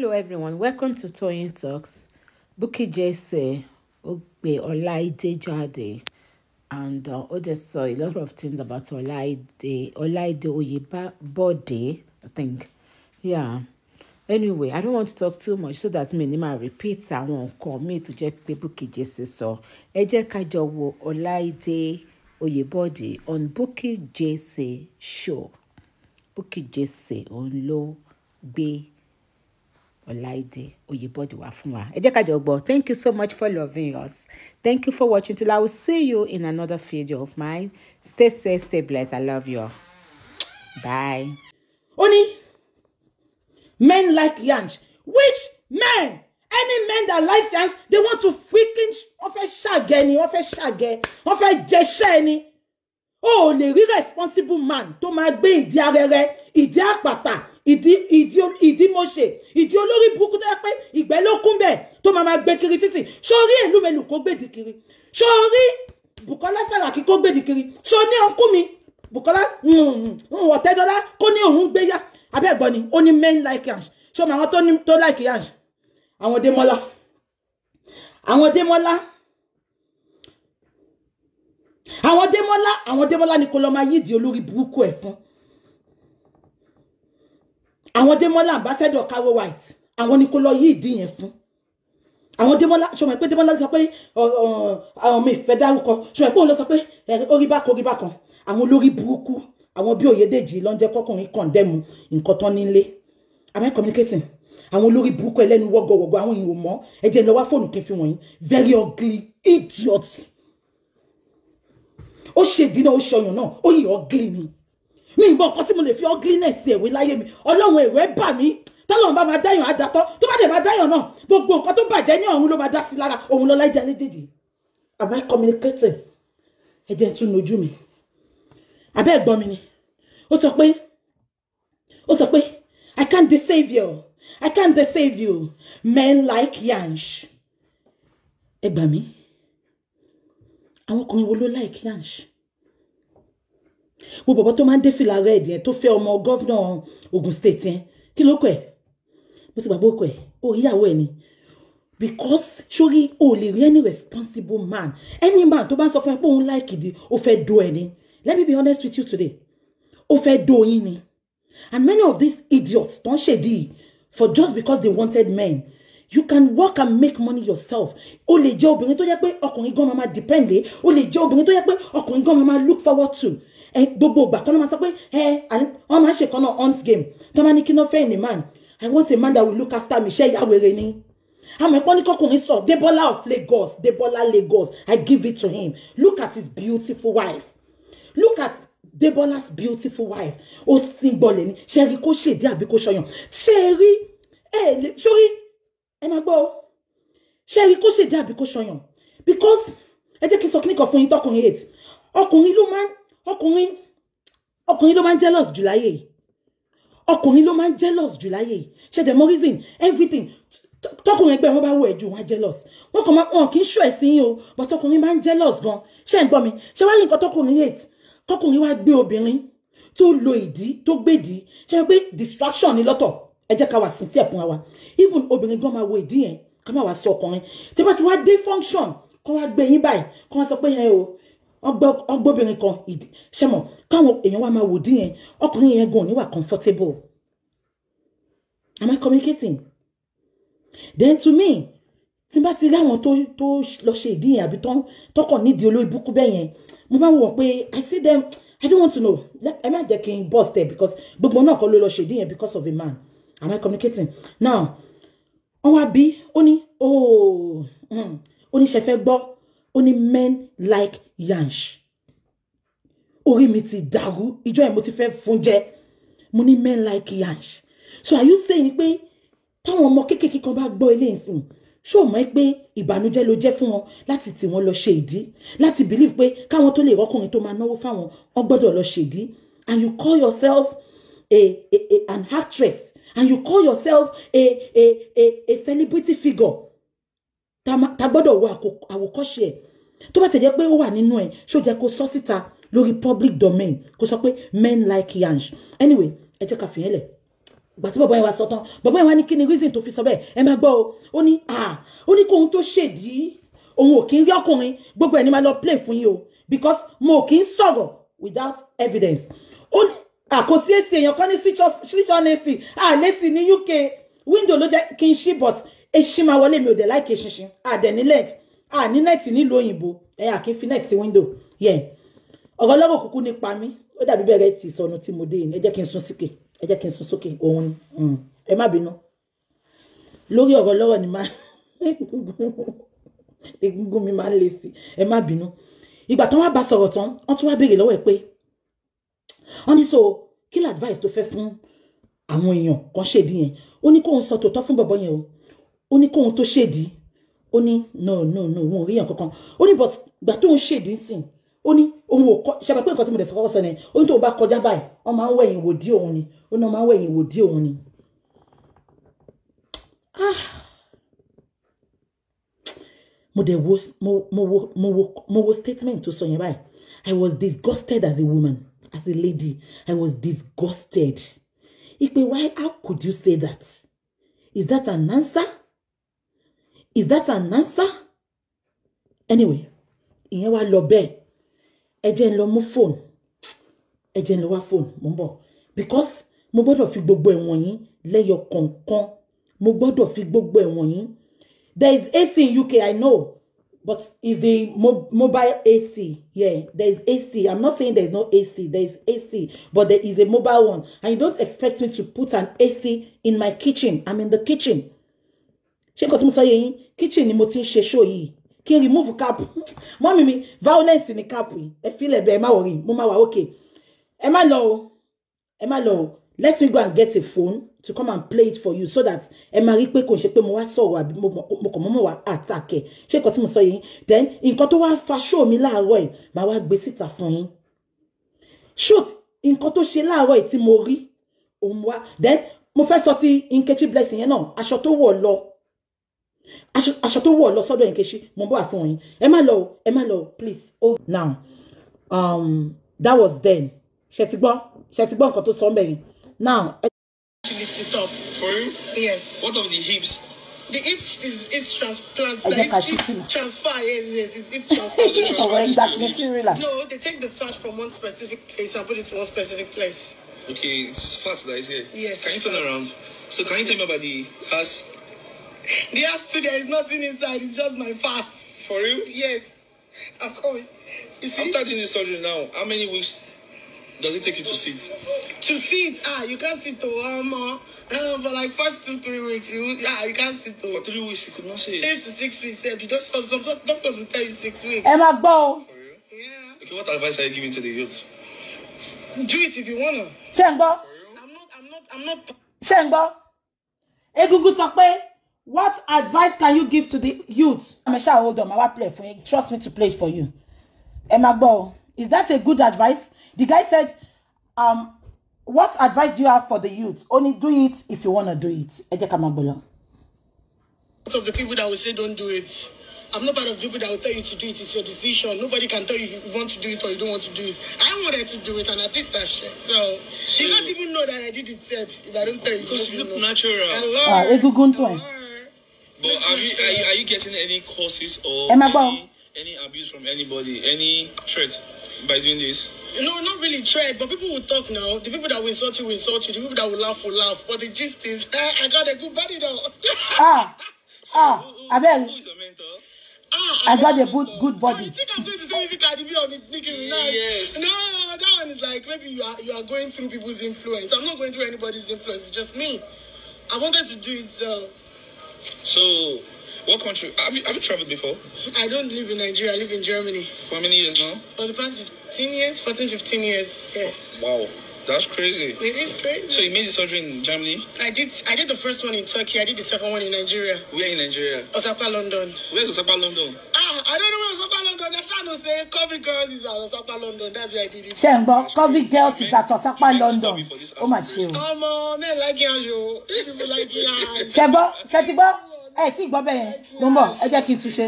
Hello everyone, welcome to Toyin Talks. Bukky Jesse Ogbe Olaide Jade and uh, Ode saw a lot of things about Olaide Olaide Oyebade, I think. Yeah. Anyway, I don't want to talk too much so that mi ni máa repeat àwọn nǹkan míì tó jẹ́ pé Bukky Jesse sọ. Ẹ jẹ́ ká jọ wo Olaide Oyebade on Bukky Jesse show. Bukky Jesse on lo gbé. Ọláìdé Oyèbọ̀dé wá fún wa ẹ jẹ́ ká jọ gbọ́ thank you so much for loving us thank you for watching till I will see you in another video of mine stay safe stay blessed I love you bye. ó ní men like yansh which men any men that like yansh they want to freaking wọ́n fẹ́ ṣàgẹ́ ni wọ́n fẹ́ ṣàgẹ́ wọ́n fẹ́ ni o ò lè rí responsible man tó máa gbé ìdí arẹrẹ ìdí àpàtà ìdí ìdí ìdí mọ́ṣe ìdí olórí buku tó yẹ pé ìgbẹ́ ló kún tó máa máa gbé kiri títì sórí ìlú mẹ́lù kó gbèdì kiri sórí Bukola Saraki kó gbèdì kiri sọ ní ọkú mi Bukola ọ̀tẹ́dọ́lá kó ní òun gbéyà abẹ́gbọ́ ni ó ní men like yansh ṣé ọmọ àwọn tó ní tó like yansh àwọn Démọ́lá àwọn Démọ́lá àwọn Démọ́lá àwọn Démọ́lá ni kò lọ́ọ́ máa yídìí olórí buku ẹ̀ fún àwọn Démọ́lá ambassador Kawo White àwọn ni kó lọ yí ìdí yẹn fún àwọn Démọ́lá ṣọmọ pé Démọ́lá sọ pé àwọn mi fẹ́ dárúkọ ṣọmọ pé òun lọ sọ pé orí bá kan orí bá kan àwọn olórí burúkú àwọn bí Oyèdèjì ló ń jẹ́ kọkùnrin kọ̀ǹdẹ́mu nǹkan tán nílé am I communicating àwọn olórí burúkú ẹlẹ́nu wọ́gọ̀wọ́gọ̀ àwọn èèyàn ò mọ́ ẹ jẹ́ lọ wá fóònù kí n fi wọ̀nyí very ugly idiot ó ṣèdí náà ó ṣọyàn náà ó yìí ugly ni mi ìmọ̀ nǹkan tí mo lè fi ugliness ẹ̀wé láyé mi ọlọ́run ẹ̀wẹ́ bà mí tọ́lọ́run bá máa dáyàn àdàtọ́ tó bá dẹ̀ máa dáyàn náà gbogbo nǹkan tó bàjẹ́ ní ọ̀run ló máa dá sí lára òun lọ́lá ìjà lédèdè am I communicating ẹ̀jẹ̀ tún nojú mi abẹ́ ẹ̀gbọ́n mi ni ó sọ pé ó sọ pé I can't deceive you I can't deceive you men like yansh ẹ gbà mí àwọn ọkùnrin wo ló like yansh wo bọ̀bọ̀ tó man, ń dé fìlà red yẹn tó fẹ́ ọmọ gọ́vnà Ogun State yẹn kí ló kọ ẹ̀ mo ti gbàgbọ́ kọ ẹ̀ ó yíyàwó ẹ̀ ni because surely, o lè rí any responsible man any man to bá ń sọ fún ẹ pé òun láìkì di ó fẹ́ do ẹ ni let me be honest with you today ó fẹ́ do yín ni and many of these idiots don't ń for just because they wanted men you can work and make money yourself o lè jẹ́ obìnrin to yẹ pé ọkùnrin gan máa depend lé o lè jẹ́ obìnrin tó yẹ pé ọkùnrin gan máa look forward to Eh, gbogbo ìgbà tó máa sọ pé eh, wọ́n máa ń ṣèkan náà hunt game tó máa ní kí náà fẹ́ ẹni man I want a man that will look after me ṣe ìyáwèrè ni àmọ́ ẹ̀pọ́n ní kọkùnrin sọ Debola of Lagos Debola Lagos I give it to him look at his beautiful wife look at Debola's beautiful wife ó sin gbọ́lẹ̀ ni ṣe rí kó ṣèdí àbí kó ṣọyàn ṣe rí ẹ ṣórí ẹ máa gbọ́ ṣe rí kó ṣèdí àbí kó ṣọyàn because ẹ jẹ́ kí n sọ kíníkan fún yín tọkùnrin hate ọkùnrin ló máa ọkùnrin ọkùnrin ló máa ń jealous jù láyé yìí ọkùnrin ló máa ń jealous jù láyé yìí ṣe dẹ̀ reason everything tọkùnrin ẹgbẹ́ wọn bá wọ ẹ̀jú wọn jealous wọn kàn wọn kì í ṣọ́ ẹ̀ sí yín o but tọkùnrin máa ń jealous gan ṣé ń gbọ́ mi ṣé wá rí nǹkan tọkùnrin hate tọkùnrin wá gbé obìnrin tó lo ìdí tó gbèdí ṣe pé distraction ni lọ́tọ̀ ẹ jẹ́ ká wà sincere fún wa even obìnrin gan máa wo ìdí yẹn ká máa wà sí ọkùnrin tí wọ́n ti wá dé function kó wá gbé yín báyìí kó wá sọ pé ẹ o ọgbọ́bìnrin kan ṣẹ́mọ̀ káwọn èèyàn wa máa wò dín yẹn ọkùnrin yẹn gan níwà comfortable am I communicating then to me tí n bá ti rí àwọn tó tó lọ ṣe ìdí yẹn àbí tọkàn nídìí olóyìnbó kú bẹ́ẹ̀ yẹn mo bá wọ̀ pé I see them I don't want to know. Ẹ má jẹ́ kí n bust there because gbogbo náà kọ́ ló lọ ṣèdí yẹn because of a man. Am I communicating? Now, wọ́n wá bí ó ní oh, hmm. ó ní ṣe fẹ́ gbọ́ ó men like yansh orí mi ti dàrú ìjọ yẹn mo ti men like yansh so are you saying pé táwọn ọmọ kéékèèké kan bá gbọ́ ilé ìsìn ṣó mọ̀ pé ìbànújẹ́ ló jẹ́ fún wọn láti tì wọ́n lọ ṣe ìdí láti believe pé káwọn tó lè rọ́kùnrin tó máa náwó fáwọn wọ́n gbọ́dọ̀ lọ ṣe ìdí and you call yourself a, a, a an actress and you call yourself a a a, a celebrity figure ta gbọ́dọ̀ wo àwòkọ́ṣe ẹ̀ tó bá ti jẹ́ pé ó wà nínú ẹ̀ ṣó jẹ́ kó sọ síta lórí public domain kó sọ pé men like yansh anyway ẹ jẹ́ ká fi yẹn lẹ̀ gbà tí bàbá yẹn wá sọ tán bàbá yẹn wá ní kí ni reason tó fi sọ bẹ́ẹ̀ ẹ máa gbọ́ o ó ní ah ó ní kóhun tó ṣèdí òun ò kí ń rí ọkùnrin gbogbo ẹ̀ ní máa lọ play fún yín o because mo ò kí sọ̀rọ̀ without evidence ó ní àkọsí èsì èèyàn kan ní switch off switch on èsì àlèsì ní UK window ló jẹ́ kí n ṣí but èsì máa wọlé mi ò dẹ̀ láìkè ṣinṣin àdẹ̀ ní lẹ́ǹtì a ah, ní nẹ́ẹ̀tì nílùú òyìnbó ẹ àkín fi nẹ́ẹ̀tì sí wíńdò yẹn ọ̀rọ̀ ọlọ́rọ̀ kúkú nípa mi ó dàbí bẹ̀rẹ̀ ti sọnù tí mo dé yìí ẹ jẹ́ kí n sún síkè ẹ jẹ́ kí n sún sókè òun ni mm. ẹ má bínú lórí ọ̀rọ̀ ọlọ́rọ̀ ni má egungun mi máa ń le sí ẹ má bínú ìgbà tán wá bá sọ̀rọ̀ tán wọ́n tún wá béèrè lọ́wọ́ ẹ pé on ní so kí advice tó fẹ́ fún àwọn èèyàn kan ṣèdí yẹn ó ní kóun sọ tòótọ́ fún bọ̀bọ̀ yẹn o ó ní kóun tó ṣèdí ó ní no no no wọn ò rí èèyàn kankan ó ní but gbà tó ń ṣèdí sìn ó ní òun ò kọ ṣàbẹ̀ pé nǹkan tí mo dẹ̀ sọ kọ́kọ́ sọ ni ó ní tó bá kọjá báyìí wọ́n máa ń wẹ̀yìn wò dí òun ni ó ní wọ́n máa ń wẹ̀yìn wò dí òun ni. Ah! mo dẹ̀ wo mo mo wo mo wo mo wo statement tó sọ yẹn báyìí I was disgusted as a woman as a lady I was disgusted. ipe why how could you say that? Is that an answer? is that an answer anyway ìyẹn wá lọ bẹ́ẹ̀ ẹ jẹ́ ń lọ mú fóònù ẹ jẹ́ ń lọ wá fóònù mo ń bọ̀ because mo gbọ́dọ̀ fi gbogbo ẹ̀wọ̀n yín lẹ́yọ kọ̀ọ̀kan mo gbọ́dọ̀ fi gbogbo ẹ̀wọ̀n yín there is AC in UK I know but is the mo mobile AC yeah there is AC I'm not saying there is no AC there is AC but there is a mobile one and you don't expect me to put an AC in my kitchen I'm in the kitchen ṣé nǹkan tí mo sọ yẹ yín kitchen ni mo ti ń ṣe show yìí kí n remove cap mọ́mí mi violence ni cap yìí ẹ fílẹ̀ bẹ́ẹ̀ má wọ̀rí mo má wà okay ẹ má lọ o ẹ má lọ o let me go and get a phone to come and play it for you so that ẹ máa rí pé kò ṣe pé mo wá sọ̀rọ̀ àbí mo kàn mọ́mọ́ wá àtàkẹ́ ṣé nǹkan tí mo sọ yẹ yín then nǹkan tó wá fa show mi láàárọ̀ ẹ̀ máa wá gbé síta fún yín shoot nǹkan tó ṣe láàárọ̀ ẹ̀ tí mo rí òun wá then mo fẹ́ sọ ti Nkechi Blessing yẹn náà aṣọ tó wọ̀ lọ aṣọ tó wọ̀ lọ sọ́dọ̀ Nkechi mo bọ́ àfihàn yín ẹ má lọ ẹ má lọ please Oh, now um, that was then ṣe ti gbọ́ ṣe ti gbọ́ nǹkan tó sọ ọ́ mẹ́rin now. lift it up. For real? Yes. What of the hips? The hips is it's transplant. Like it's, it's transfer. Yes, yes, it's, it's transfer. it's transfer that no, they take the fat from one specific place and put it to one specific place. Okay, it's fat that is here. Yes. Can you turn fast. around? So can you tell me about the has the house too, there is nothing inside. It's just my fat. For real? Yes. I'm coming. You see? After doing the surgery now, how many weeks does it take you to sit? To sit? Ah, you can't sit to one more. Um, for like first two, three weeks, you yeah, you can't sit to. For three weeks, you could not sit. Eight to six weeks, yeah. The doctors, some, some doctors will tell you six weeks. Emma Bow. For real? Yeah. Okay, what advice are you giving to the youth? Do it if you wanna. Ṣé I'm not, I'm not, I'm not. Ṣé ń gbọ́. What advice can you give to the youth? I'm Amesha, hold on, my play for you. Trust me to play for you. Emma Ball, is that a good advice? The guy said, um, what advice do you have for the youth? Only do it if you want to do it. Ẹ jẹ́ ká Of the people that will say don't do it. I'm not part of people that will tell you to do it. It's your decision. Nobody can tell you if you want to do it or you don't want to do it. I wanted to do it and I did that shit. So she can't even know that I did it if I don't tell you. Because you look know. natural. Hello. Uh, ah, But are you, are you are you getting any courses or any, any abuse from anybody, any threat by doing this? No, not really threat, but people will talk now. The people that will insult you will insult you. The people that will laugh will laugh. But the gist is, hey, I got a good body though. ah, so ah, who, who, Abel. Who is your mentor? Ah, I, I got a good good body. I think I'm going to say if you can be on it, Nicki Minaj. Yes. No, that one is like maybe you are you are going through people's influence. I'm not going through anybody's influence. It's just me. I wanted to do it uh, So, what country? Have you, have you traveled before? I don't live in Nigeria. I live in Germany. For many years now? For the past 15 years, 14, 15 years. Yeah. Wow. That's crazy. It is crazy. So you made the surgery in Germany? I did. I did the first one in Turkey. I did the second one in Nigeria. Where in Nigeria? Osaka, London. Where's Osaka, London? Ah, I don't know where Osaka ṣe ń gbọ́ covid girls is at Osapa London ó mà ṣe o. ọmọ mẹ́ẹ̀lá kí aṣọ ìdìbò láìkí ya. ṣe gbọ́ ṣe ti gbọ́ ẹ tí ì gbọ́ bẹ́ẹ̀ yẹn ló ń bọ̀ ẹ jẹ́ kí n túnṣe.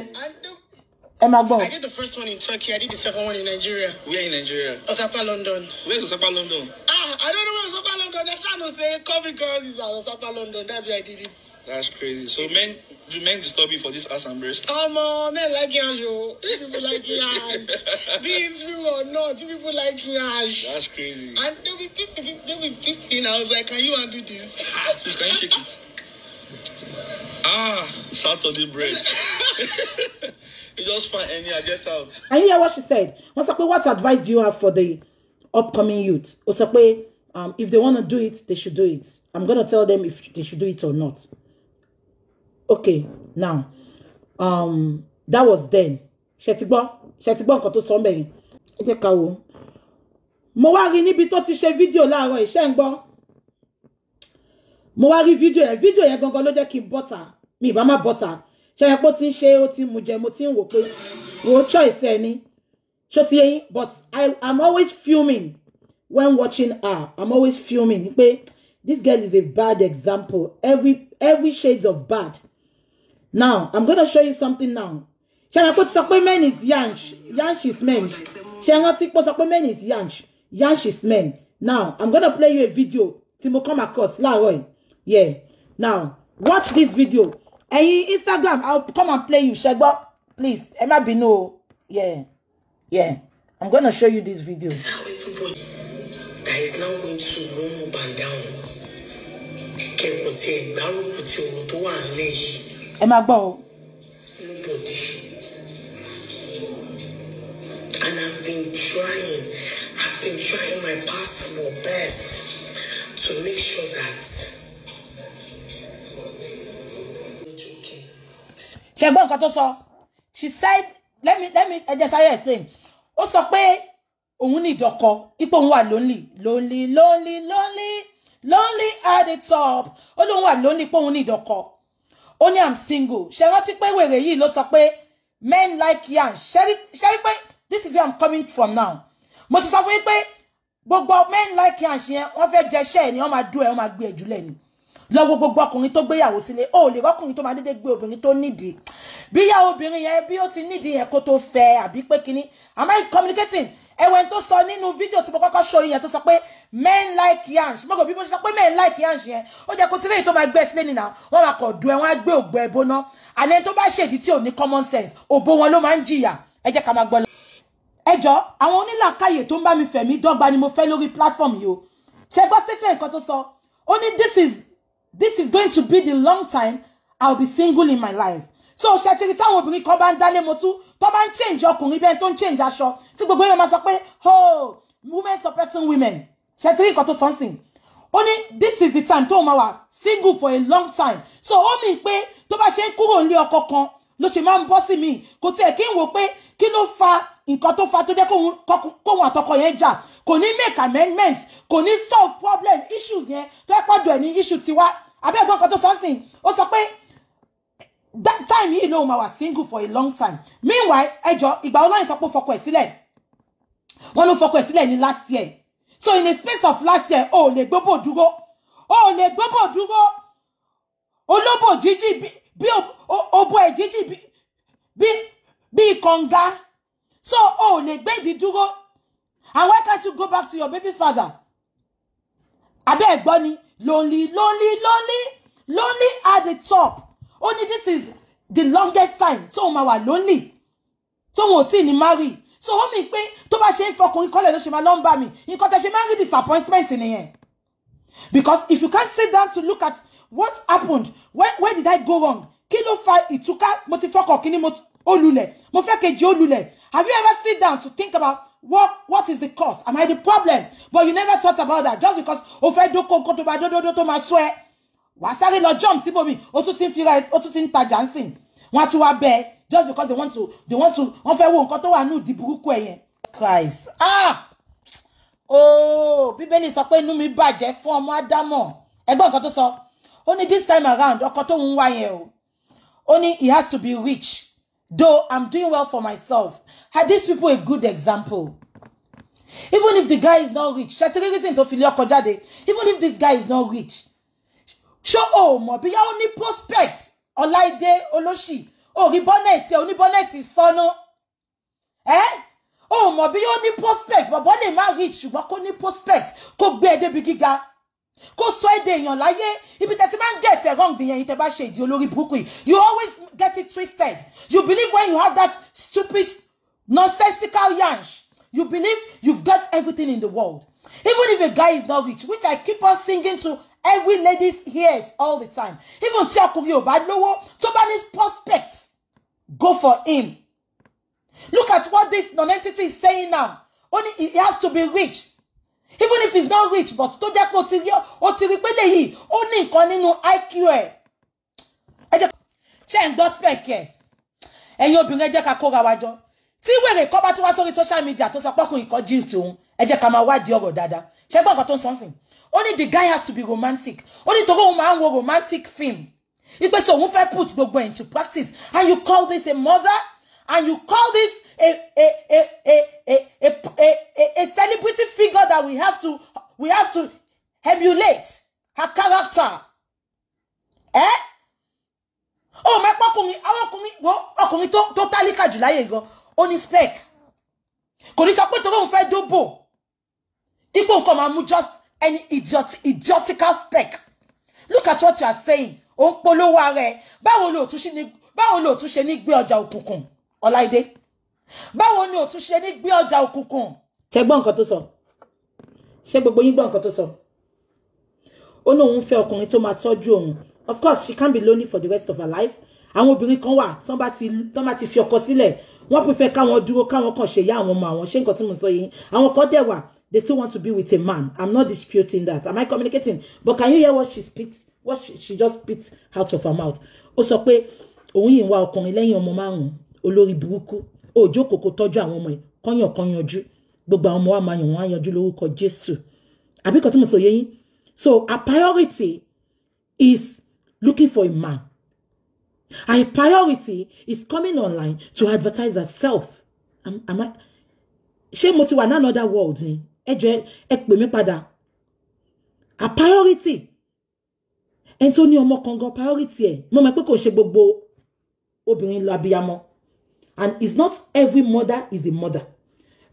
Ẹ máa gbọ́. I did the first one in Turkey. I did the second one in Nigeria. Where in Nigeria? Osapa London. Where is Osapa London? Ah, I don't know where Osapa London. They're trying to say COVID girls is at Osapa London. That's where I did it. That's crazy. So men do men disturb you for this ass and breast? Come on, men like yash, yo. People like yash. These people are not. People like yash. That's crazy. And they'll be 15, I was like, can you undo this? Please, can you shake it? Ah, Saturday bread. you just find any I get out. And you hear what she said? Wọ́n sọ what advice do you have for the upcoming youth? Ó sọ um, if they want to do it, they should do it. I'm going to tell them if they should do it or not okay now um, that was then ṣe ti gbọ́ ṣe ti gbọ́ nǹkan tó sọ ń bẹ̀yìn ẹ jẹ́ ká wo mo wá rí níbi tó ti ṣe fídíò láàárọ̀ ìṣe ń gbọ́ mo wá rí fídíò yẹn fídíò yẹn gangan ló jẹ́ kí n bọ́ta mi ìbá má bọ́ta ṣe yẹn pé ó ti ń ṣe ó ti ń mu jẹ mo ti ń wò pé wò choice ẹ ní ṣó ti yẹn but I am always fuming when watching her I'm always fuming pé this girl is a bad example every every shades of bad Now, I'm going to show you something now. Ṣé ẹ kó ti men is yanch yanch is men. Ṣé ẹ rántí pé sọ men is yanch yanch is men. Now, I'm going to play you a video tí come across láàárọ̀ Yeah. Now, watch this video. Ẹ̀yin Instagram, I'll come and play you. Ṣé please, ẹ má Yeah. Yeah. I'm going to show you this video. That is now going to run up and down. Kẹ̀kọ̀ tí ẹ̀ gbárùkù tí ọ̀rọ̀ tó wà nílẹ̀ yìí ẹ máa gbọ́ o. nobody and I've been trying I've been trying my possible best to make sure that. ṣe gbọ́ nǹkan tó sọ she said let me let me ẹ jẹ́ sáré explain ó sọ pé òun ní ìdọ̀kọ ipò òun wà lonely lonely lonely lonely lonely at the top ó lóun wà lonely pé òun ní ìdọ̀kọ ó ní i'm single ṣe rántí pé wèrè yìí ló sọ pé men like yan ṣe rí pé this is where i'm coming from now mo ti sọ fún yín pé gbogbo men like yan ṣe yẹn wọ́n fẹ́ jẹṣẹ́ ẹ̀ ni wọ́n máa dún ẹ̀ wọ́n máa gbé ẹ̀ jùlẹ̀ ni lọ́wọ́ gbogbo ọkùnrin tó gbéyàwó sílé ó lè rọ́kùnrin tó máa dédé gbé obìnrin tó nídìí bí yàwó obìnrin yẹn bí ó ti nídìí yẹn kó tó fẹ́ àbí pé kínní am I communicating ẹwẹ́n tó sọ nínú fídíò tí mo kọ́kọ́ ṣo yẹn tó sọ pé men like yansh mo kò bí mo ṣe sọ pé men like yansh yẹn ó jẹ́ kó tí fẹ́yìn tó máa gbé sílé nìyà wọ́n máa kọ̀ du ẹ̀ wọ́n á gbé ògbó ẹ̀ bóná àlẹ́ tó bá ṣèdí tí ò ní common sense òbó wọn ló máa ń jìyà ẹ jẹ́ ká máa gbọ́ lọ. ẹ jọ àwọn onílàkàyè tó ń bá mi fẹ̀mí dọ́gba ni mo fẹ́ lórí platform yìí o ṣe gbọ́ stephen nǹkan this is this is going to be the long time I'll be single in my life so ṣètìrì táwọn obìnrin kan bá ń dálé mosú tó bá ń change ọkùnrin bẹ́ẹ̀ tó ń change aṣọ tí gbogbo èèyàn máa sọ pé "Oh, women supporting women ṣètìrì kan tó sọ ń sìn ó ní this is the time tóun máa wà single for a long time so ó mì pé tó bá ṣe ń kúrò nílé ọkọ kan ló ṣe máa ń bọ́ sí mi kò tiẹ̀ kí n wò pé kí ló fa nǹkan tó fa tó jẹ́ kóhun àtọkọ yẹn jà kò ní make amendment kò ní solve problem issues yẹn tó ẹ pọ̀jù ẹ̀ ní issue tiwa abẹ́ẹ̀gbọ́n kan tó sọ́nsìn ó sọ pé that time you know, I was single for a long time meanwhile ẹjọ if I sọ pé ó fọkọ ẹ̀ sílẹ̀ wọ́n ló fọkọ ní last year so in the space of last year oh o ò oh o gbóbò le oh olóbò jíjì bí obo ẹ̀ jíjì bí konga. so oh ò lè gbèdì and why can't you go back to your baby father abẹ́ ẹ̀gbọ́n bunny, lonely lonely lonely lonely at the top. Only this is the longest time So máa wà lonely. So ò tí ì ní marry so ó mì pé tó bá ṣe ń fọkùnrin kọ́lẹ̀ ló ṣe máa lọ ń bá mi nǹkan tẹ́ ṣe máa ń rí disappointment because if you can't sit down to look at what happened where, where did I go wrong kí fa ìtúká mo ti fọkàn kí mo olùlẹ̀ mo fẹ́ kejì olùlẹ̀ have you ever sit down to think about what what is the cause am I the problem but you never thought about that just because o fẹ́ dókòó kó tó bá dódódó tó máa sọ wàá sáré lọ jump síbòmí ó tún ti ń fira ó tún ti ń tajà ń sìn wọn á tún wá bẹ just because they want to they want to wọn fẹ́ wo nǹkan tó wà ní ìdí burúkú ẹ̀ Christ ah oh, bíbélì sọ pé inú mi bàjẹ́ fún ọmọ ádámọ̀ ẹgbọ́n nǹkan tó sọ ó ní this time around ọkọ tó ń wá yẹn o ó ní he has to be rich though i'm doing well for myself Had these people a good example even if the guy is not rich ṣètìrìrìsìn tó fi lé ọkọ jáde even if this guy is not rich ṣó o mọ̀ bí yá ó ní prospect ọláìdé olóṣì òrí bọ́nẹ̀tì oníbọ́nẹ̀tì sọnù ẹ́ o mọ̀ bí ó ní prospect bọ̀bọ́ lè má reach ṣùgbọ́n kó ní prospect kó gbé ẹ débi gíga kó sọ èdè èèyàn láyé ibi tẹ́tí máa ń get it wrong nìyẹn tẹ́ bá ṣe ìdí olórí you always get it twisted you believe when you have that stupid nonsensical yansh you believe you've got everything in the world even if a guy is not rich which I keep on singing to every ladies hears all the time even tí ọkùnrin ò bá lówó tó bá ní prospect go for him look at what this nonentity is saying now Only he has to be rich even if he's not rich but tó jẹ́ pé ó ti rí ó ti rí pé léyìí iq ẹ̀ ẹ jẹ́ ṣe ń gbọ́ spec ẹ̀ ẹ̀yin obìnrin ẹ jẹ́ ká kóra wa jọ tí wèrè kọ́ bá tún wá social media To sọ pọ́kùnrin kan jíìtì òun ẹ jẹ́ ká máa wádìí ọ̀rọ̀ dáadáa ṣẹ́gbọ́n kan tó ń sọ́nsìn only the guy has to be romantic only to go máa ń wo romantic film ìgbésẹ̀ òun fẹ́ put gbogbo into practice and you call this a mother and you call this a a a a a a a, a, a celebrity figure that we have to we have to emulate her character. Eh? Oh, my ọkùnrin awa ọkùnrin go ọkùnrin tó tó tálíkà jù láyé gan ó ní spec kò ní sọ pé torí òun fẹ́ dóbò dípò nǹkan máa just any idiot idiotical speck look at what you are saying ó ń polówó ara ẹ báwo ló tún ṣe ní báwo ló tún ṣe ní gbé ọjà òkùnkùn ọláìdé báwo ni ó tún ṣe ní gbé ọjà òkùnkùn. ṣé gbọ́ nǹkan tó sọ ṣé gbogbo yín gbọ́ nǹkan tó sọ ó ní òun fẹ́ ọkùnrin tó máa tọ́jú òun of course she can't be lonely for the rest of her life àwọn obìnrin kan wà tán bá ti tán bá ti fi ọkọ sílẹ̀ wọ́n pè fẹ́ káwọn dúró káwọn kàn ṣèyá àwọn ọmọ àwọn ṣé nǹkan tí mo sọ yìí àwọn kan dẹ̀ wà They still want to be with a man. I'm not disputing that. Am I communicating? But can you hear what she speaks? What she, she just spits out of her mouth? Ó sọ pé òun yìí ń wá ọkùnrin lẹ́yìn ọmọ márùn-ún olórí burúkú òjò kòkó tọ́jú àwọn ọmọ ẹ̀ kọ́yàn kan yanjú gbogbo àwọn ọmọ wa máa yàn wọ́n á yanjú lórúkọ Jésù. kan tí mo sọ yé So a priority is looking for a man. A priority is coming online to advertise herself. Am, am I? Ṣé mo ti wà ní another world ni? ẹjọ́ ẹ pè mí padà a priority ẹni tó ní ọmọ kan gan priority ẹ̀ mo mọ̀ pé kò ṣe gbogbo obìnrin lọ and it's not every mother is a mother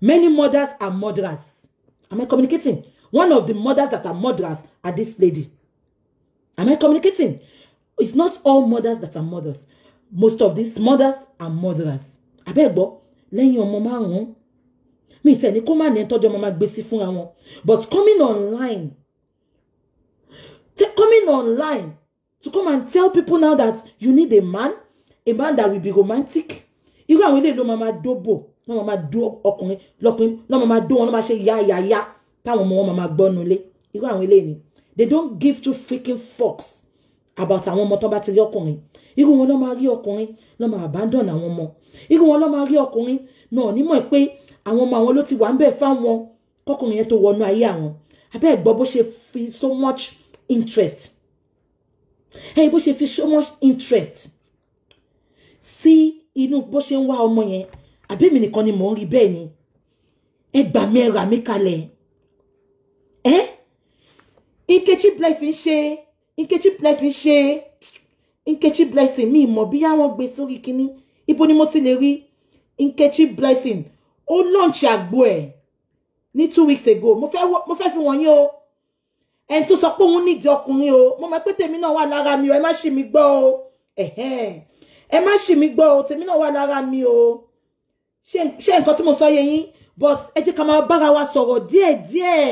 many mothers are murderers am I communicating one of the mothers that are murderers are this lady am I communicating it's not all mothers that are mothers most of these mothers are murderers abẹ́gbọ́ lẹ́yìn ọmọ márùn mi tẹ̀ ní kó má ní ẹ̀tọ́jọ́ máa gbé sí fúnra wọn but coming online coming online to come and tell people now that you need a man a man that will be romantic irú àwọn ilé ìlú máa máa dóbò náà máa máa dó ọkùnrin lọkùnrin náà máa máa dó wọn náà máa ṣe yáyáyá táwọn ọmọ wọn máa máa gbọ́nu lé irú àwọn ilé ni they don't give two freaking fucks about àwọn ọmọ tó bá ti rí ọkùnrin irú wọn ló máa rí ọkùnrin ló máa abandon àwọn ọmọ irú wọn ló máa rí ọkùnrin náà onímọ̀ pé àwọn ọmọ àwọn ló ti wà ń bẹ̀ fáwọn kọkùnrin yẹn tó wọnú ayé àwọn abẹ́ ẹ̀gbọ́ bó ṣe fi so much interest ẹ̀yìn bó ṣe fi so much interest sí inú bó ṣe ń wá ọmọ yẹn àbẹ́mi nìkan ni mò ń rí bẹ́ẹ̀ ni ẹ gbà mí ẹ rà mí kalẹ̀ ẹ́ Nkechi Blessing ṣe Nkechi Blessing ṣe Nkechi Blessing mi mọ̀ bí àwọn gbé sórí kínní ibo ni mo ti lè rí Nkechi Blessing ó launch àgbo ẹ̀ ní two weeks ago mo fẹ́ mo fẹ́ fi wọ̀nyí o ẹni tó sọ pé òun nídìí ọkùnrin o mo mọ̀ pé tèmi náà wà lára mi o ẹ má ṣì mí gbọ́ o ẹ má ṣì mí gbọ́ o tèmi náà wà lára mi o ṣé nǹkan tí mo sọ yẹ yín but ẹ jẹ́ ká máa bára wa sọ̀rọ̀ díẹ̀díẹ̀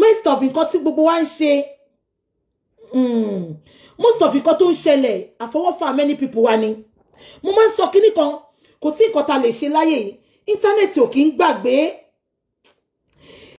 most of nǹkan tí gbogbo wa ń ṣe hmm, most of nǹkan tó ń ṣẹlẹ̀ àfọwọ́fà many people wa ni mo máa ń sọ kíní kan kò sí nǹkan ta lè ṣe láyé yìí Internet ò kí ń gbàgbé